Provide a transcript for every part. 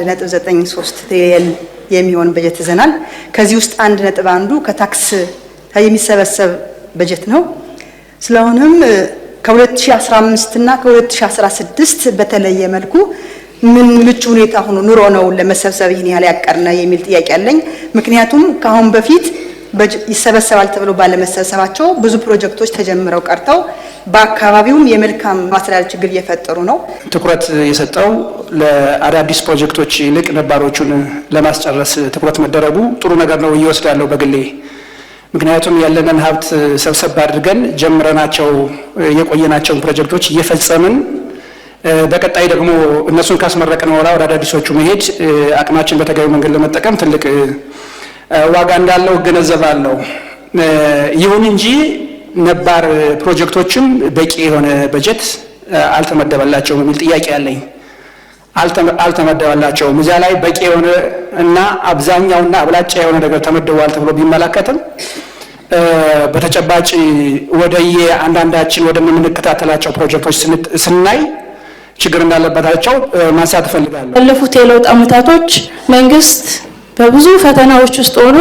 1.93 ትሪሊየን የሚሆን በጀት ይዘናል። ከዚህ ውስጥ አንድ ነጥብ አንዱ ከታክስ የሚሰበሰብ በጀት ነው። ስለሆነም ከ2015 እና ከ2016 በተለየ መልኩ ምን ምቹ ሁኔታ ሆኖ ኑሮ ነው ለመሰብሰብ ይህን ያህል ያቀርነ የሚል ጥያቄ አለኝ። ምክንያቱም ከአሁን በፊት ይሰበሰባል ተብሎ ባለመሰብሰባቸው ብዙ ፕሮጀክቶች ተጀምረው ቀርተው በአካባቢውም የመልካም ማስተዳደር ችግር እየፈጠሩ ነው። ትኩረት የሰጠው ለአዳዲስ ፕሮጀክቶች ይልቅ ነባሮቹን ለማስጨረስ ትኩረት መደረጉ ጥሩ ነገር ነው እየወስዳለሁ በግሌ። ምክንያቱም ያለንን ሀብት ሰብሰብ አድርገን ጀምረናቸው የቆየናቸውን ፕሮጀክቶች እየፈጸምን በቀጣይ ደግሞ እነሱን ካስመረቅን በኋላ ወደ አዳዲሶቹ መሄድ አቅማችን በተገቢ መንገድ ለመጠቀም ትልቅ ዋጋ እንዳለው እገነዘባለሁ። ይሁን እንጂ ነባር ፕሮጀክቶችም በቂ የሆነ በጀት አልተመደበላቸውም የሚል ጥያቄ አለኝ። አልተመደበላቸውም እዚያ ላይ በቂ የሆነ እና አብዛኛውና አብላጫ የሆነ ነገር ተመድቧል ተብሎ ቢመለከትም በተጨባጭ ወደየ አንዳንዳችን ወደምንከታተላቸው ፕሮጀክቶች ስናይ ችግር እንዳለባቸው ማንሳት እፈልጋለሁ። ባለፉት የለውጥ አመታቶች መንግስት በብዙ ፈተናዎች ውስጥ ሆኖ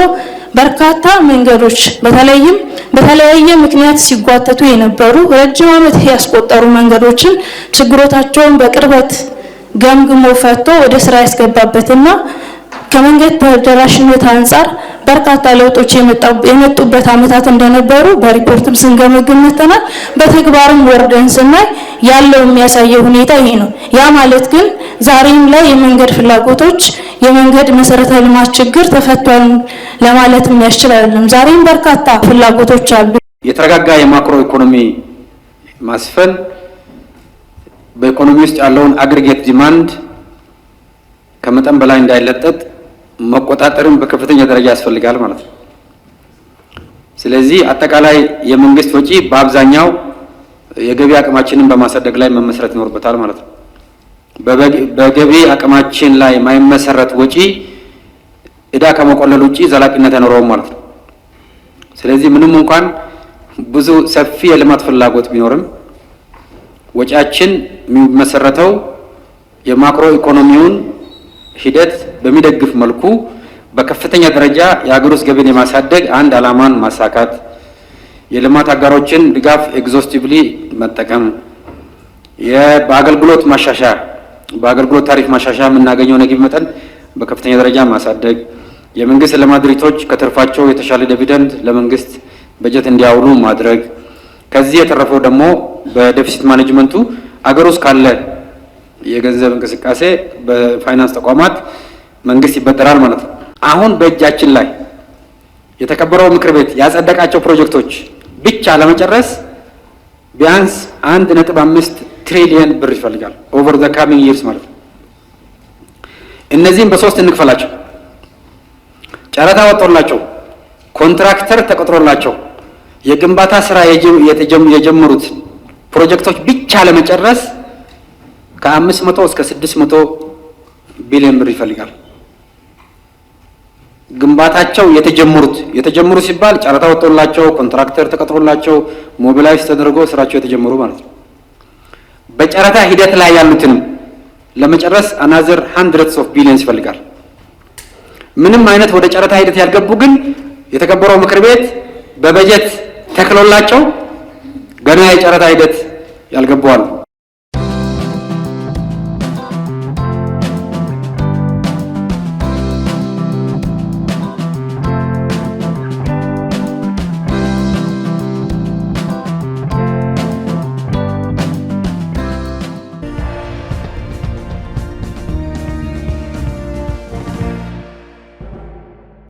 በርካታ መንገዶች በተለይም በተለያየ ምክንያት ሲጓተቱ የነበሩ ረጅም ዓመት ያስቆጠሩ መንገዶችን ችግሮታቸውን በቅርበት ገምግሞ ፈቶ ወደ ስራ ያስገባበትና ከመንገድ ተደራሽነት አንጻር በርካታ ለውጦች የመጡበት ዓመታት እንደነበሩ በሪፖርትም ስንገመግም መተናል። በተግባርም ወርደን ስናይ ያለው የሚያሳየው ሁኔታ ይሄ ነው። ያ ማለት ግን ዛሬም ላይ የመንገድ ፍላጎቶች የመንገድ መሰረተ ልማት ችግር ተፈቷል ለማለት የሚያስችል አይደለም። ዛሬም በርካታ ፍላጎቶች አሉ። የተረጋጋ የማክሮ ኢኮኖሚ ማስፈን በኢኮኖሚ ውስጥ ያለውን አግሪጌት ዲማንድ ከመጠን በላይ እንዳይለጠጥ መቆጣጠርን በከፍተኛ ደረጃ ያስፈልጋል ማለት ነው። ስለዚህ አጠቃላይ የመንግስት ወጪ በአብዛኛው የገቢ አቅማችንን በማሳደግ ላይ መመስረት ይኖርበታል ማለት ነው። በገቢ አቅማችን ላይ የማይመሰረት ወጪ እዳ ከመቆለል ውጪ ዘላቂነት አይኖረውም ማለት ነው። ስለዚህ ምንም እንኳን ብዙ ሰፊ የልማት ፍላጎት ቢኖርም ወጪያችን የሚመሰረተው የማክሮ ኢኮኖሚውን ሂደት በሚደግፍ መልኩ በከፍተኛ ደረጃ የሀገር ውስጥ ገቢን የማሳደግ አንድ ዓላማን ማሳካት፣ የልማት አጋሮችን ድጋፍ ኤግዞስቲቭሊ መጠቀም፣ በአገልግሎት ማሻሻ በአገልግሎት ታሪፍ ማሻሻ የምናገኘውን የገቢ መጠን በከፍተኛ ደረጃ ማሳደግ፣ የመንግስት ልማት ድርጅቶች ከትርፋቸው የተሻለ ዲቪደንድ ለመንግስት በጀት እንዲያውሉ ማድረግ፣ ከዚህ የተረፈው ደግሞ በዴፊሲት ማኔጅመንቱ አገር ውስጥ ካለ የገንዘብ እንቅስቃሴ በፋይናንስ ተቋማት መንግስት ይበጠራል ማለት ነው። አሁን በእጃችን ላይ የተከበረው ምክር ቤት ያጸደቃቸው ፕሮጀክቶች ብቻ ለመጨረስ ቢያንስ አንድ ነጥብ አምስት ትሪሊየን ብር ይፈልጋል ኦቨር ዘ ካሚንግ ይርስ ማለት ነው። እነዚህም በሶስት እንክፈላቸው። ጨረታ ወጥቶላቸው ኮንትራክተር ተቆጥሮላቸው የግንባታ ስራ የጀመሩት ፕሮጀክቶች ብቻ ለመጨረስ ከአምስት መቶ እስከ ስድስት መቶ ቢሊዮን ብር ይፈልጋል። ግንባታቸው የተጀመሩት የተጀመሩ ሲባል ጨረታ ወጥቶላቸው ኮንትራክተር ተቀጥሮላቸው ሞቢላይዝ ተደርጎ ስራቸው የተጀመሩ ማለት ነው። በጨረታ ሂደት ላይ ያሉትንም ለመጨረስ አናዘር ሀንድረድስ ኦፍ ቢሊዮንስ ይፈልጋል። ምንም አይነት ወደ ጨረታ ሂደት ያልገቡ ግን የተከበረው ምክር ቤት በበጀት ተክሎላቸው ገና የጨረታ ሂደት ያልገቡ አሉ።